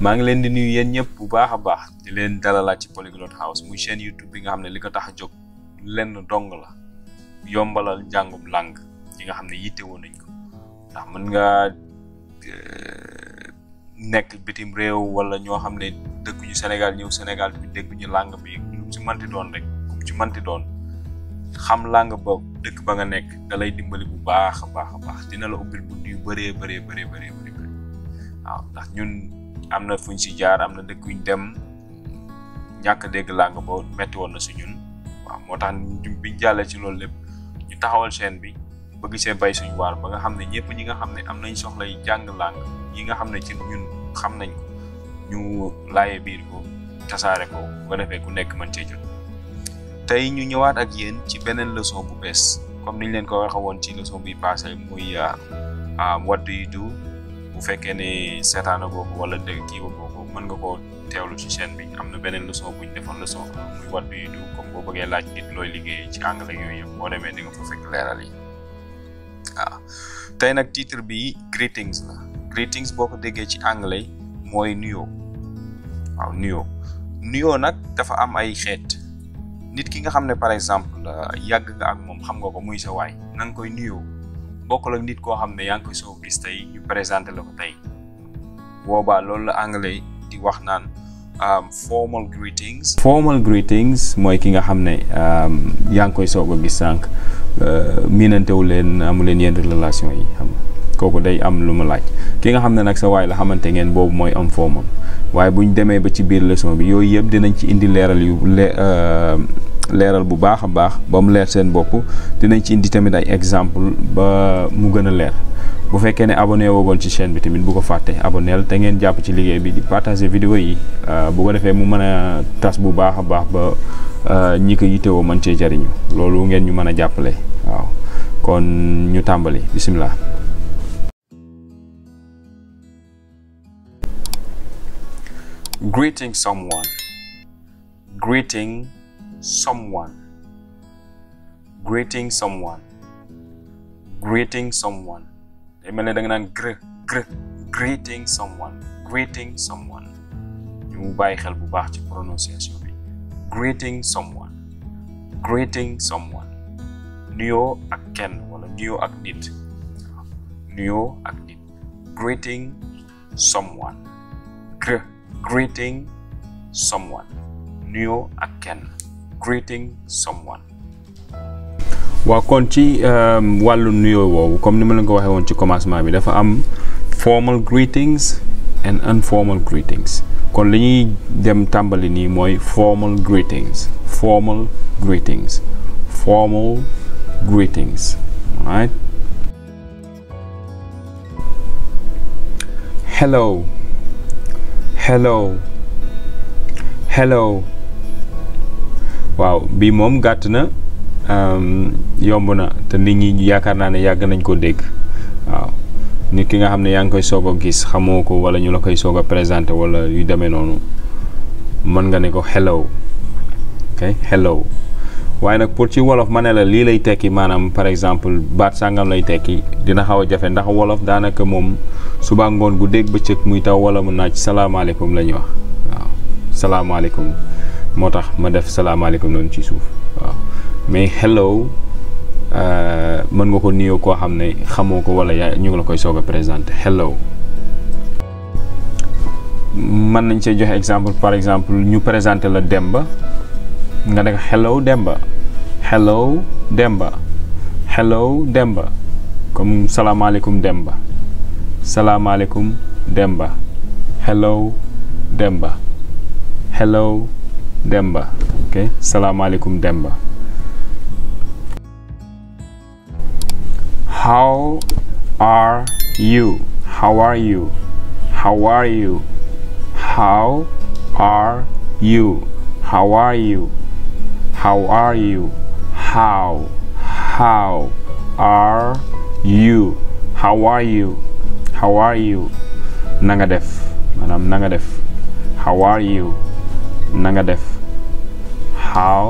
maa ngi leen di nuyu yéen ñëpp bu baax a baax di leen dalalaat ci Polyglot House muy chaîne YouTube bi nga xam ne li ko tax a jóg lenn dong la yombalal njàngum làng yi nga xam ne yittewoo nañ ko ndax mën nga euh, nekk bitim réew wala ñoo xam ne dëkkuñu Sénégal ñëw Sénégal bi dégguñu làng bi lu ci manti doon rek ci manti doon xam làng ba dëkk ba nga nekk da dimbali bu baax a baax a baax dina la ubbil bunt yu bëree bëree bëree bëree waaw ndax ñun am na fuñ si jaar am na dëkk yuñ dem ñàkk dégg làng ba metti woon na si ñun waaw moo tax bi jàllee ci loolu lépp ñu taxawal chaîne bi bëgg see bay suñu waar ba nga xam ne ñëpp ñi nga xam ne am nañ soxlay yi jàng làng yi nga xam ne ci ñun xam nañ ñu laaye biir ko tasaare ko bu ko defee ku nekk mën cee jot tey ñu ñëwaat ak yéen ci beneen leçon bu bees comme niñ leen ko waxe woon ci leçon bi passé muy euh, what do you bu fekkee ne seetaana googu wala dégg kii wa mën nga koo teewlu ci seen bi am na beneen leçon bu ñu defoon ko muy wat bi du comme boo bëggee laaj nit looy liggéey ci anglais yooyu yëpp boo demee di nga fa fekk leeral yi waaw tey nag tiitre bi greetings la greetings boo ko déggee ci anglais mooy nuyoo waaw nuyoo nuyoo nag dafa am ay xeet nit ki nga xam ne par exemple yàgg nga ak moom xam nga ko muy sa waay na koy nuyoo bokkul ak nit koo xam ne yaa ngi koy soo gis tey ñu présenté la ko tey boobaa loolu la anglais di wax naan um, formal greetings. formal greetings mooy ki nga xam ne um, yaa ngi koy soog a gis sànq uh, miinantewu leen amu leen yenn relation yi xam nga kooku day am lu ma laaj ki nga xam ne nag sa waay la xamante ngeen boobu mooy am formal waaye bu ñu demee ba ci biir leçon bi yooyu yëpp dinañ ci indi leeral yu uh, leeral bu baax a baax ba mu leer seen bopp dinañ ci indi tamit ay exemple ba mu gën a leer bu fekkee ne abonné woogoon ci chaîne bi tamit bu ko fàtte abonneel te ngeen jàpp ci liggéey bi di partager vidéo yi euh, bu ko defee mu mën a tas bu baax a baax ba euh, ñi ko yitewoo mën cee jariñu loolu ngeen ñu mën a jàppale waaw kon ñu tàmbali bisimilah. Greeting someone. someone, greeting someone, greeting someone. day mel ni da naan grë grë greeting someone greeting someone bàyyi xel bu baax ci prononciation bi greeting nuyoo ak kenn wala nuyoo ak nit nuyoo ak nit greeting someone greeting someone nuyoo ak kenn greeting someone. waaw kon ci ehm, wàllu nuyoo woowu comme ni ma leen ko waxee ci commencement bi dafa am formal greetings and informal greetings kon li ñuy dem tàmbali nii mooy formal greetings formal greetings formal greetings right hello hello hello waaw bii moom gàtt na yomb na te nit ñi yaakaar naa ne yàgg nañ koo dégg waaw nit ki nga xam ne yaa ngi koy soog a gis xamoo ko wala ñu la koy soog a présenté wala yu demee noonu mën nga ne ko hello ok hello waaye nag pour ci wolof ma ne la lii lay tekki maanaam par exemple baat sàngam lay tekki dina xaw a jafe ndax wolof daanaka moom subaa ngoon gu dégg bëccëg muy taw wala mu naaj salaamaaleykum la ñuy wax waaw salaamaaleykum. moo tax ma def salaamaaleykum noonu ci suuf waaw mais hello euh, mën nga ko nuyoo koo xam ne xamoo ko wala yaa ñu ngi la koy soog a présenté hello. mën nañ see joxe exemple par exemple ñu présenté la Demba nga ne hello Demba hello Demba hello Demba comme salaamaaleykum Demba salaamaaleykum Demba hello Demba hello. Demba ok salaamaaleykum Demba. how are you how are you how are you how are you how are you how def maanaam na def how are def how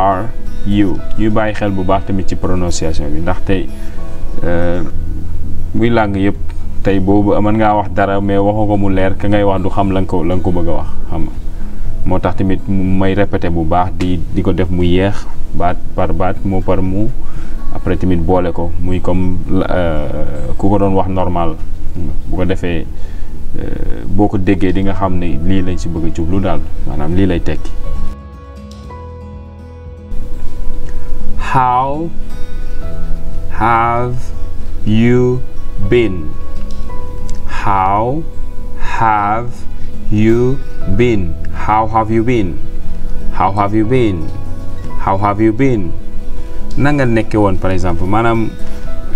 are you ñuy bàyyi xel bu baax tamit ci prononciation bi ndax tey euh, muy làng yëpp tey boobu mën ngaa wax dara mais waxu ko mu leer ka ngay wax du xam lañ ko la nga ko bëgg a wax xam moo tax tamit mu may répété bu baax di di ko def mu yeex baat par baat mot par mu après tamit boole ko muy comme euh, ku ko doon wax normal bu ko defee euh, boo ko déggee di nga xam ne lii lañ si bëgg a jublu daal maanaam lii lay tekki How have you been? How have you been? How have you been? How have you been? How na nga nekke woon par exemple maanaam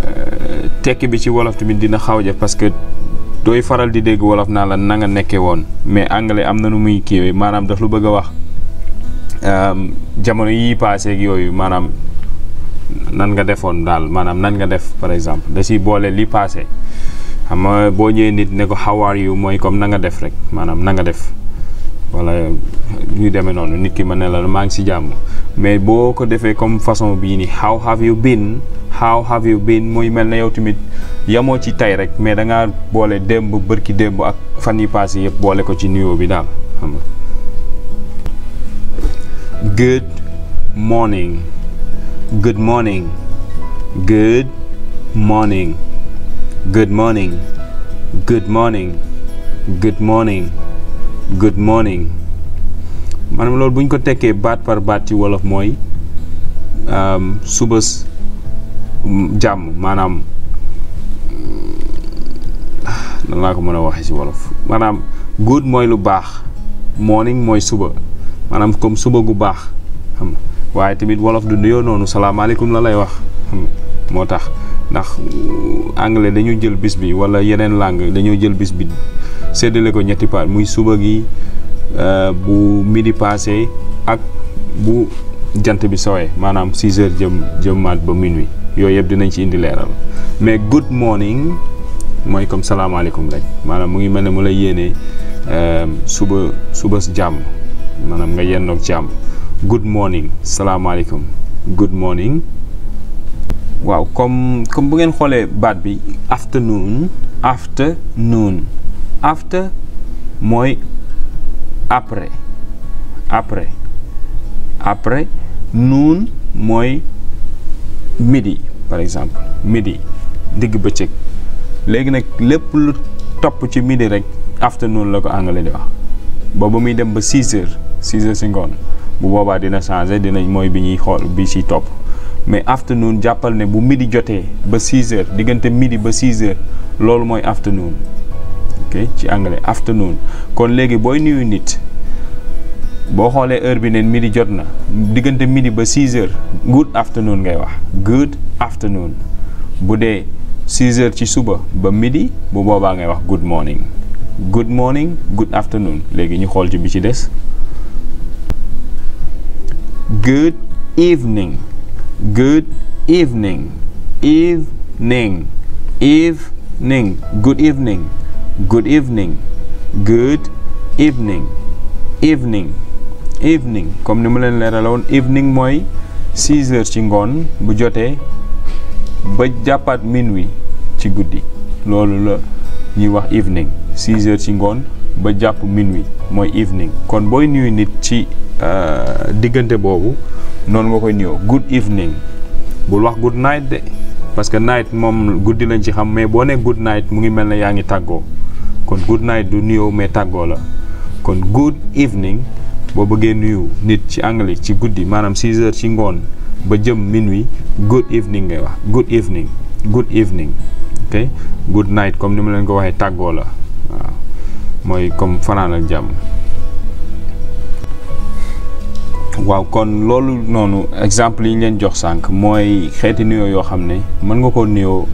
euh, tekki bi ci wolof tamit dina xaw ja parce que dooy faral di dégg wolof naa la na nga nekke woon mais anglais am na nu muy kiiwee maanaam daf lu bëgg wax euh, jamono yi paase yooyu maanaam nan nga defoon daal maanaam nan nga def par exemple da si boole li passé xam nga boo ñëwee nit ne ko how are mooy comme na nga def rek maanaam na nga def wala ñu demee noonu nit ki ma ne la maa ngi si jàmm mais boo ko defee comme façon bii nii how have you been how have you been muy mel na yow tamit yamoo ci tey rek mais da ngaa boole démb bërki démb ak fan yi passé yëpp boole ko ci nuyoo bi daal xam nga good morning Good morning. Good morning. Good morning. Good morning. Good morning. Good morning. maanaam loolu bu ñu ko tekkee baat par baat ci wolof mooy um, suba jàmm maanaam nan laa ko mën a waxe ci wolof maanaam good mooy lu baax morning mooy suba maanaam comme suba gu baax xam nga waaye tamit wolof du nuyoo noonu salaamaaleykum la lay wax moo tax ndax anglais dañu jël bis bi wala yeneen langue dañoo jël bis bi séddale ko ñetti part muy suba gi euh, bu midi passé ak bu jant bi sowee maanaam 6 heures jëm jëmmaat ba wi yooyu yëpp dinañ ci indi leeral mais good morning mooy comme salaamaaleykum rek maanaam mu ngi mel ne mu lay yéene euh, suba suba jàmm maanaam nga yendoog jàmm good morning salaamaaleykum good morning waaw comme comme bu ngeen xoolee baat bi afternoon afternoon after mooy après après après noon mooy midi par exemple midi digg bëccëg léegi nag lépp lu topp ci midi rek afternoon la ko anglais di wax booba muy dem ba 6 heures 6 si ngoon bu boobaa dina changé dinañ mooy bi ñuy xool bi ci topp mais afternoon jàppal ne bu midi jotee ba 6 heures diggante midi ba 6 heures loolu mooy afternoon ok ci anglais afternoon kon léegi booy nuyu nit boo xoolee heure bi neen midi jot na diggante midi ba 6 heures good afternoon ngay wax good afternoon bu dee 6 heures ci suba ba midi bu boobaa ngay wax good morning good morning good afternoon léegi ñu xool ci bi ci des Good evening. Good evening. Evening. Evening. Good evening. Good evening. Good evening. comme ni mu leen leeraloon evening mooy six heures ci ngoon bu jotee ba jàppaat minuit ci guddi loolu la ñuy wax evening six heures ci ngoon ba jàpp minuit mooy evening kon booy nuyu nit ci. Euh, diggante boobu noonu nga koy nuyoo good evening bul wax good night de parce que night moom guddi lañ ci xam mais boo nee good night mu ngi mel ne yaa ngi tàggoo kon good night du nuyoo mais tàggoo la kon good evening boo bëggee nuyu nit ci anglais ci guddi maanaam 6 heures ci ngoon ba jëm minuit good evening ngay wax good evening good evening ok good night comme ni ma leen ko waxee tàggoo la waaw mooy comme fanaanal jàmm. waaw kon loolu noonu exemple yi ñu leen jox sànq mooy xeeti nuyoo yoo xam ne mën nga koo nuyoo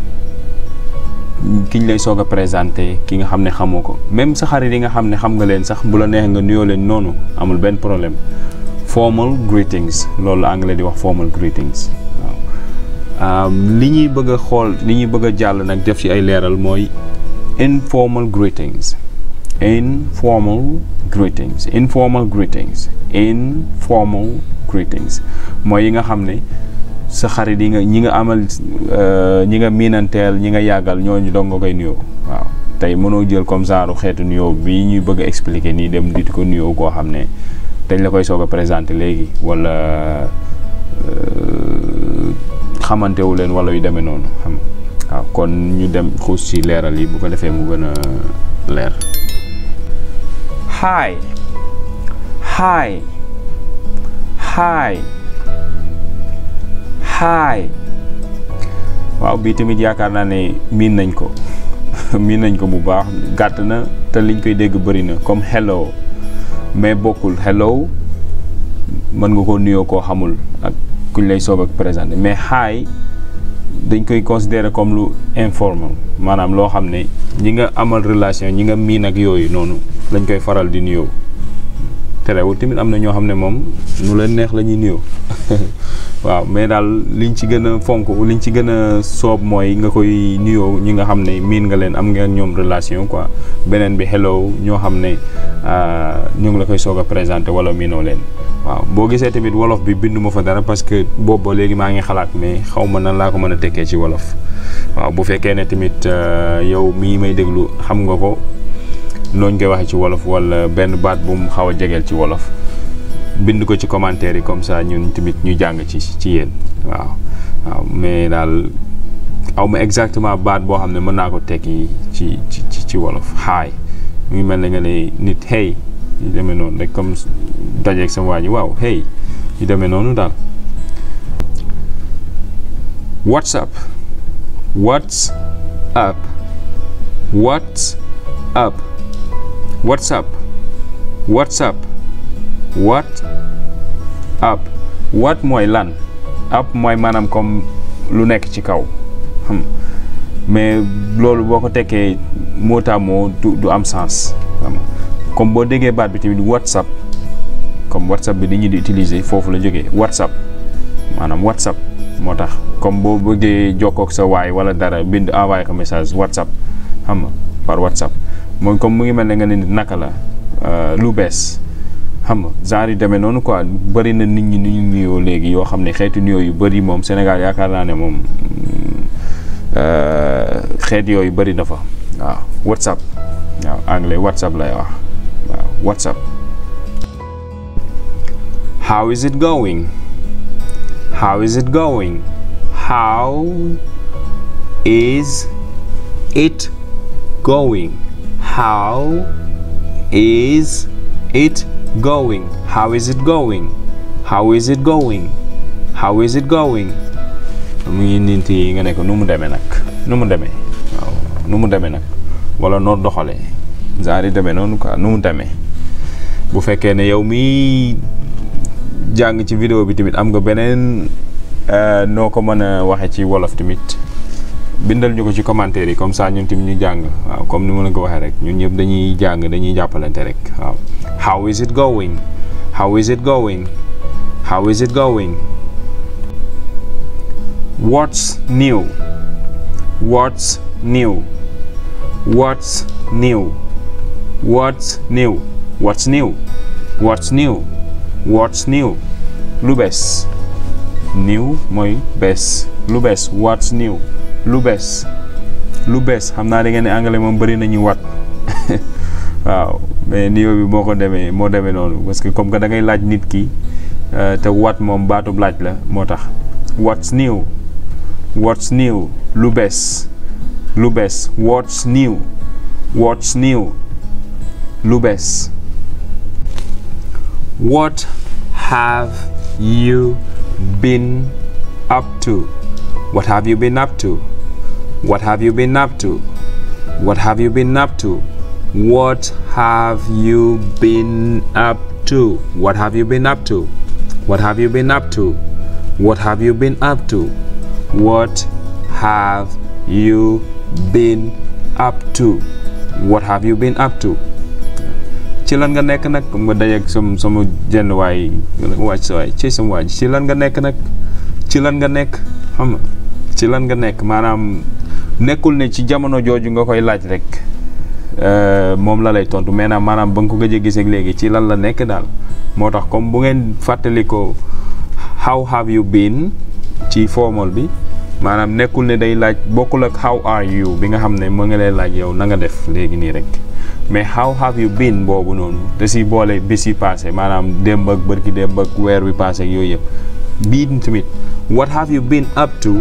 ki ñu lay soog a présenté ki nga xam ne xamoo ko même sa xarit yi nga xam ne xam nga leen sax bu la neex nga nuyoo leen noonu amul benn problème formal greetings loolu anglais di wax formal greetings waaw li ñuy bëgg xool li ñuy bëgg a jàll nag def ci ay leeral mooy informal greetings informal greetings informal greetings informal greetings mooy yi nga xam ne sa xarit yi nga ñi nga amal euh, ñi nga miinanteel ñi nga yàggal ñooñu dong nga koy nuyoo waaw tey mënoo jël comme genre xeetu nuyoo bi ñuy bëgg a expliquer nii dem di ko nuyoo koo xam ne dañ la koy soog a présenter léegi wala euh, xamantewu leen wala yu demee noonu xam waaw kon ñu dem xuus ci leeral yi bu ko defee mu gën a leer. xaay xaay xaay xaay waaw bii tamit yaakaar naa ne miin nañ ko miin nañ ko bu baax gàtt na te liñ koy dégg bëri na comme hello mais bokkul hello mën nga koo nuyoo koo xamul ak kuñ lay soob ak présenté mais xaay dañ koy considérer comme lu informel maanaam loo xam ne ñi nga amal relation ñi nga miin ak yooyu noonu lañ koy faral di nuyoo. terewul tamit am na ñoo xam ne moom nu leen neex la ñuy nuyoo waaw mais daal liñ ci gën a fonk liñ ci gën a soob mooy nga koy nuyoo ñi nga xam ne miin nga leen am nga ñoom relation quoi beneen bi hello ñoo xam ne ah, ñoo ngi la koy soog a présenté wala miinoo leen. waaw boo gisee tamit wolof bi binduma fa dara parce que boobu ba léegi maa ngi xalaat mais xaw ma nan laa ko mën a tekkee ci wolof waaw bu fekkee ne tamit ah, yow mii may déglu xam nga ko. nooñ koy waxe ci wolof walla benn baat bu mu xaw a jegeel ci wolof bind ko ci commentaire yi comme ça ñun tamit ñu jàng ci ci yéen waaw waaw mais daal aw ma exactement baat boo xam ne mën naa ko tekki ci ci ci wolof xaay mu ngi mel na nga ne nit hey yu demee noonu rek comme dajeeg sama waa ji waaw hey yu deme noonu daal what's up what's whatsapp whatsapp what app what mooy lan app mooy maanaam comme lu nekk ci kaw hmm. mais loolu boo ko tekkee mot à mot du du am sens comme boo déggee baat bi tamit whatsapp comme whatsapp bi ni ñu di utiliser foofu la jógee whatsapp maanaam whatsapp moo tax comme boo bëggee jokkoo ak sa waay wala dara bind envoyé ko message whatsapp xam nga par whatsapp mooy comme mu ngi mel ne nga ne nit naka la euh, lu bees xam nga genre yu demee noonu quoi bëri na nit ñi ni ñu nuyoo léegi yoo xam ne xeetu nuyoo yu bari moom Sénégal yaakaar naa ne moom euh, xeet yooyu bari na fa waaw WhatsApp waaw anglais WhatsApp lay wax waaw WhatsApp. how is it going how is it going how is it going. how is it going? How is it going? How is it going? How is it going? mu ngi ninti nga ne nu mu demee nag nu mu demee waaw nu mu demee nag wala noo doxalee genre yi demee noonu quoi nu mu demee bu fekkee ne yow mi jàng ci vidéo bi tamit am nga beneen euh, noo ko mën a waxee ci wolof tamit bindal ñu ko ci commentaire yi comme ça ñun tim ñu jàng waaw comme ni ma la ko waxee rek ñun ñëpp dañuy jàng dañuy jàppalante rek waaw how is it going how is it going how is it going what's new what's new what's new what's new what's new what's new what's new lu bees new mooy bees lu bees what's new lu bees lu bees xam naa da ngeen ne anglais moom bari nañu wat waaw mais nio bi moo ko demee moo demee noonu parce que comme que dangay laaj nit ki euh, te wat moom baatub laaj la moo tax what's new what's new lu bees lu bees what's new what's new lu bees what have you been up to what have you been up to What have you been up to? What have you been up to? What have you been up to? What have you been up to? What have you been up to? What have you been up to? What have you been up to? What have you been up to? ci lan nga nekk nag nga dajeeg sama sama jenn waay waaj sa waay ci sama waaj ci lan nga nekk nag ci lan nga nekk xam nga ci lan nga nekk maanaam nekkul ne ci jamono jooju nga koy laaj rek euh, moom la lay tontu mais nag maanaam ba nga ko gëj a gis ak léegi ci lan la nekk daal moo tax comme bu ngeen fàttali ko how have you been ci formal bi maanaam nekkul ne day laaj bokkul ak how are you bi nga xam ne mu ngi lay laaj yow na nga def léegi nii rek mais how have you biin boobu noonu da si boole bis yi passé maanaam démb ak bërki démb ak weer bi passé yooyu yëpp biin tamit what have you been up to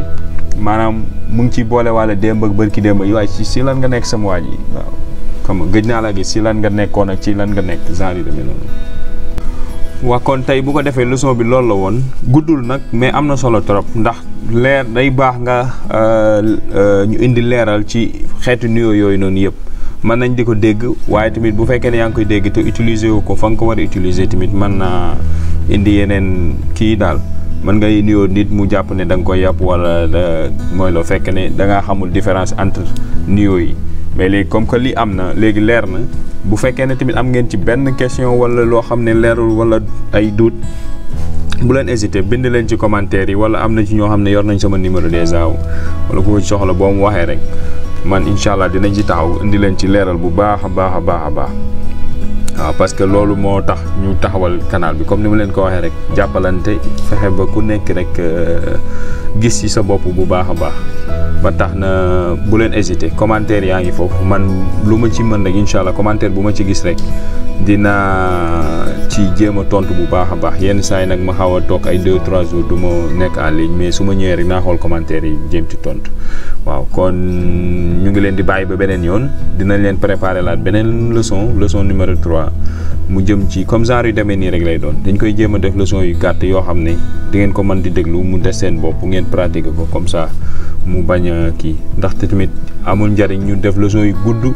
maanaam mu ngi ci boole waale démb ak bërki démb yi waaye ci si lan nga nekk sama waa ji waaw gëj naa la gis si lan nga nekkoon ak ci lan nga nekk genre yi demee noonu. waa kon tey bu ko defee leçon bi loolu la woon guddul nag mais am na solo trop ndax leer day baax nga euh, euh, ñu indi leeral ci xeetu nuyoo yooyu noonu yëpp. mën nañ di ko dégg waaye tamit bu fekkee ne yaa ngi koy dégg te utiliser wu ko fa nga ko war a tamit man naa indi yeneen kii daal. mën ngay nuyoo nit mu jàpp ne da nga koy yàpp wala euh, mooy loo fekk ne da xamul différence entre nuyoo yi mais léegi comme que li am na léegi leer na bu fekkee ne tamit am ngeen ci benn question wala loo xam ne leerul wala ay duut bu leen hésité bind leen ci commentaire yi wala am na ci ñoo xam ne yor nañ sama numéro déjà wala ku ci soxla boo mu waxee rek man incha allah dinañ ci taxaw indi leen ci leeral bu baax a baax a baax a baax. waaw ah, parce que loolu moo tax ñu taxawal canal bi comme ni ma leen ko waxee rek jàppalante fexe ba ku nekk rek euh, gis ci sa bopp bu baax a baax ba tax na bu leen hésité commentaire yaa ngi foofu man lu ma ci mën rek incha allah commentaire bu ma ci gis rek dinaa ci jéem a tontu bu baax a baax yenn saa yi nag ma xaw a toog ay deux trois jours du ma nekk en ligne mais su ma ñëwee rek naa xool commentaire yi jéem ci tontu waaw kon ñu ngi leen di bàyyi ba beneen yoon dinañ leen préparer laat beneen numéro 3 fois mu jëm ci comme genre yu demee nii rek lay doon dañ koy jéem a def leçon yu gàtt yoo xam ne di ngeen ko mën di déglu mu des seen bopp ngeen pratiquer ko comme ça mu bañ a kii ndaxte tamit amul njariñ ñu def leçon yu gudd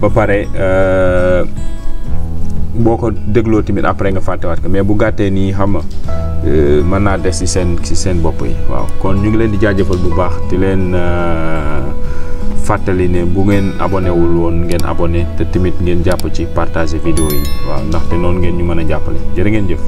ba pare euh, boo ko dégloo tamit après nga fàttewaat ko mais bu gàttee nii xam nga euh, mën naa des ci seen ci seen bopp yi waaw kon ñu ngi leen di jaajëfal bu baax di leen. Euh, fàttali ne bu ngeen abonné wul woon ngeen abonné te tamit ngeen jàpp ci partage vidéo yi waaw ndaxte noonu ngeen ñu mën a jàppale jërë ngeen jëf